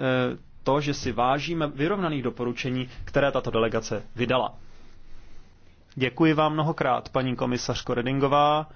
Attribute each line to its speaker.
Speaker 1: Eh, to, že si vážíme vyrovnaných doporučení, které tato delegace vydala. Děkuji vám mnohokrát, paní komisařko Redingová.